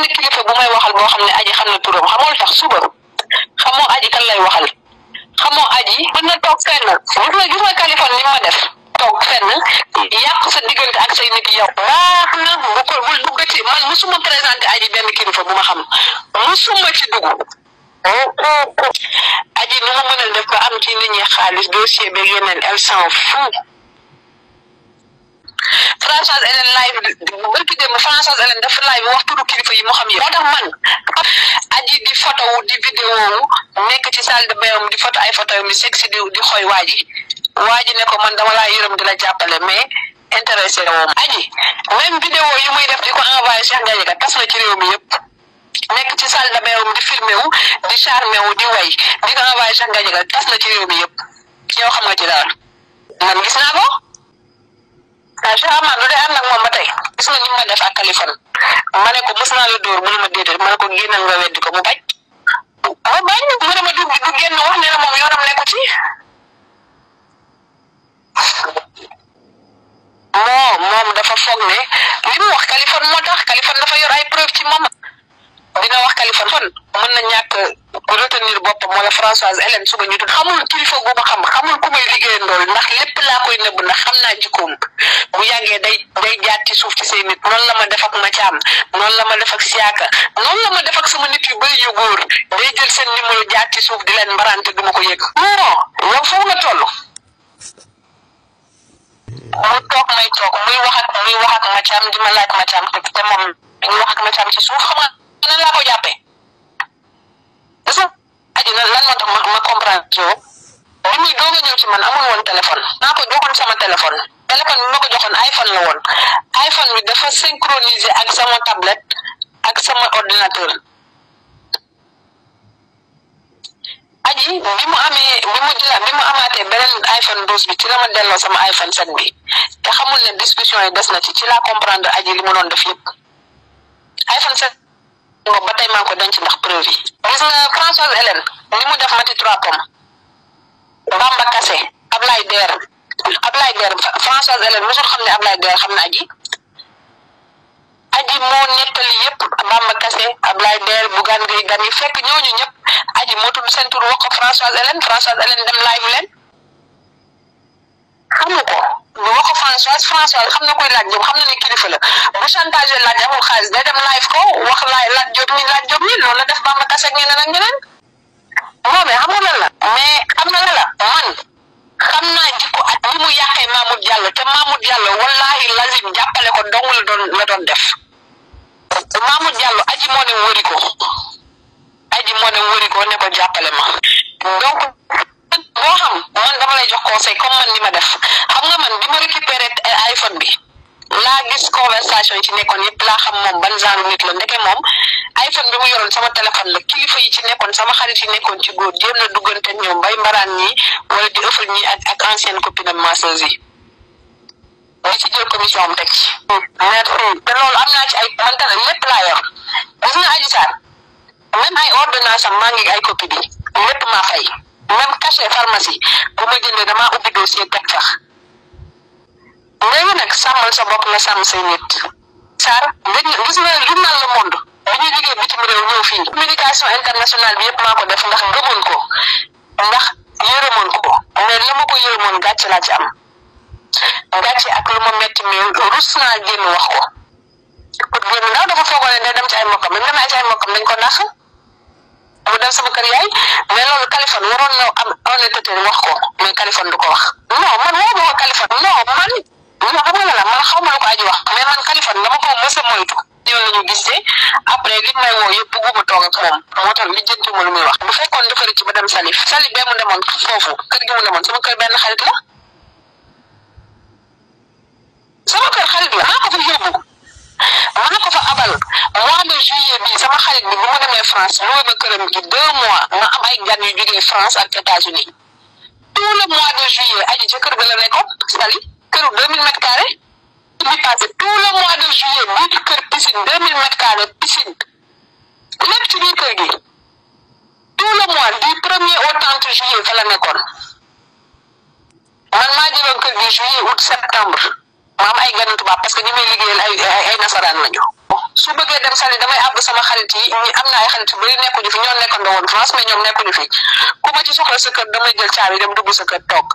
benn kilifa bu may waxal boo xam ne aji xam na turam xamoo tax suba xamoo aji kan waxal xamoo aji mën na toog fenn gis sa diggante ak say nit yow baax na bu ko bul duggati man musuma présenté aji benn kilifa bu ma xam musuma ci dugg aji nu ma mën def ba am ci nit ñi xaalis dossier beeg yeneen elle s'en Françoise Hélène live barki démb Françoise kilifa yi mu xam yëpp moo tax man aji di photo wu di vidéo wu nekk ci salle de bain di photo ay photo yu sexy di di xooy ne ko man dama laa di la jàppale mais intéressé la woon aji même vidéo yi def di ko envoyé Cheikh Gadiaga tas na ci réew mi nekk ci salle de bain di filmé wu di charmé wu di way di ko envoyé Cheikh Gadiaga tas na ci réew mi yëpp yow xam nga man gis naa ah Cheikh Amar de ànd ak moom ba tey gis na ñu ma def ak Kaliphone ma ko mos naa la dóor mu ma déedéet ma ko génnal nga wax ne moom yoonam nekku ci moo moom dafa foog ne li wax Kaliphone moo tax Kaliphone dafa yor preuve ci moom dina wax Kaliphone mën na ñàkk. ku retenir boppam wala Françoise Hélène suba ñu tudd xamul kilifa gu ma xam xamul ku may liggéeyandool ndax lépp laa koy nëbb ndax xam naa jikkoom bu yàggee day day jaat ci suuf ci say nit noonu la ma def ak Mathiam noonu la ma def ak Siaka noonu la ma def ak sama nit yu bëri yu day jël seen numéro jaat ci suuf di leen mbarante du ma ko yëg non yow foofu nga toll mu toog may toog muy wax Mathiam ma laaj Mathiam muy wax Mathiam ci léegi lan moo tax ma ma comprendre li muy doog a ñëw ci man amul woon téléphone naa ko joxoon sama téléphone téléphone bi ma ko joxoon iPhone la woon iPhone bi dafa synchroniser ak sama tablette ak sama ordinateur aji bi mu amee bi mu jëla bi mu amaatee beneen iPhone 12 bi ci la ma delloo sama iPhone 7 bi te xamul ne discussion yi des na ci ci laa comprendre aji li mu doon def yëpp iPhone 7 boobu ba tey ko denc ndax preuve Françoise Hélène ni mu def Mati trois pommes Bamba Kassé Ablaye Der Ablaye Der Françoise Hélène mosul xam ne Ablaye Der xam na aji aji moo nettali yëpp Bamba Kassé Ablaye Der Bougane Gueye Dany fekk ñooñu ñëpp aji moo tudd seen tur Françoise Hélène Françoise Hélène dem live leen xamu ko. ma wax ko Françoise Françoise xam na koy laaj Diop xam ne kilifa la bu chantage laaj laaj laaj Diop mi def Bamba Kassé ak ñeneen ak ñeneen moom it xam nga lan la xam nga jikko at bi mu yàqee Mamoud te Mamoud Diallo wallahi lazim jàppale ko dong la doon def Mamoud Diallo aji moo ne aji moo ne ne ko jàppale ma donc boo xam man dama lay jox conseil comme man li ma def xam nga man bi ma récupéré iPhone bi laa gis conversation yi ci nekkoon yëpp laa xam moom ban genre nit la ndeke moom iPhone bi mu yoroon sama téléphone la kilifa yi ci nekkoon sama xarit yi nekkoon ci góor jéem na duggante ñoom bay mbaraan ñi wala di ëffal ñi ak ak ancienne copine masseuse yi nga ci jël commission am teg te loolu am naa ci ay man tane lépp laa yor gis ay ordonnance am ngi ay copie bi même cachet pharmacie bu ma jëndee damaa ubbi dossier gàncax léegi nag sàmmal sa bopp nga sàmm say nit. Sarr nga gis nga lu naan bitim réew ñëw fii communication internationale bi yëpp maa ko def ndax gëmoon ko ndax yërëmoon ko mais la ma ko yërëmoon gàcce laa am gàcce ak lu metti mais rus naa génn wax ko. ut génn ndaw dafa foogoon dañ ko nax. bu dem sama kër yaay mais loolu waroon na wax ko mais Kaliphone du ko wax non man woo ma a Kaliphone non man man xam nga la man xaw ma ko aji wax mais man Kaliphone dama ko mës a moytu yoon la ñu gisee après li may woo yëpp bëgguma toog ak moom moo tax li jëntu ma lu muy wax bu fekkoon dafa rëcc dem Salif Salif mu demoon foofu kër gi mu demoon sama kër benn xarit la sama xarit bi bu ma France loolu ba këram gi deux mois ma am ay gan yu jógee France ak États-Unis tout le mois de juillet aji ca ga la nekkoon sali këru deux mille mètres carrés tout le mois de juillet biir kër piscine deux mille mètres carrés piscine lépp ci biir kër gi tout le mois du premier au trente juillet fa nekkoon man maa jëloon kër gi juillet août septembre ma am ay gan tubaab parce que ñi may ay ay nasaraan lañu su bëggee dem sali damay àbb sama xarit yi ñu am na ay xarit yu bëri nekkuñu fi ñoo nekkandoo woon France mais ñoom nekkuñu fi ku ma ci soxla sa kër damay jël caabi dem dugg sa kër toog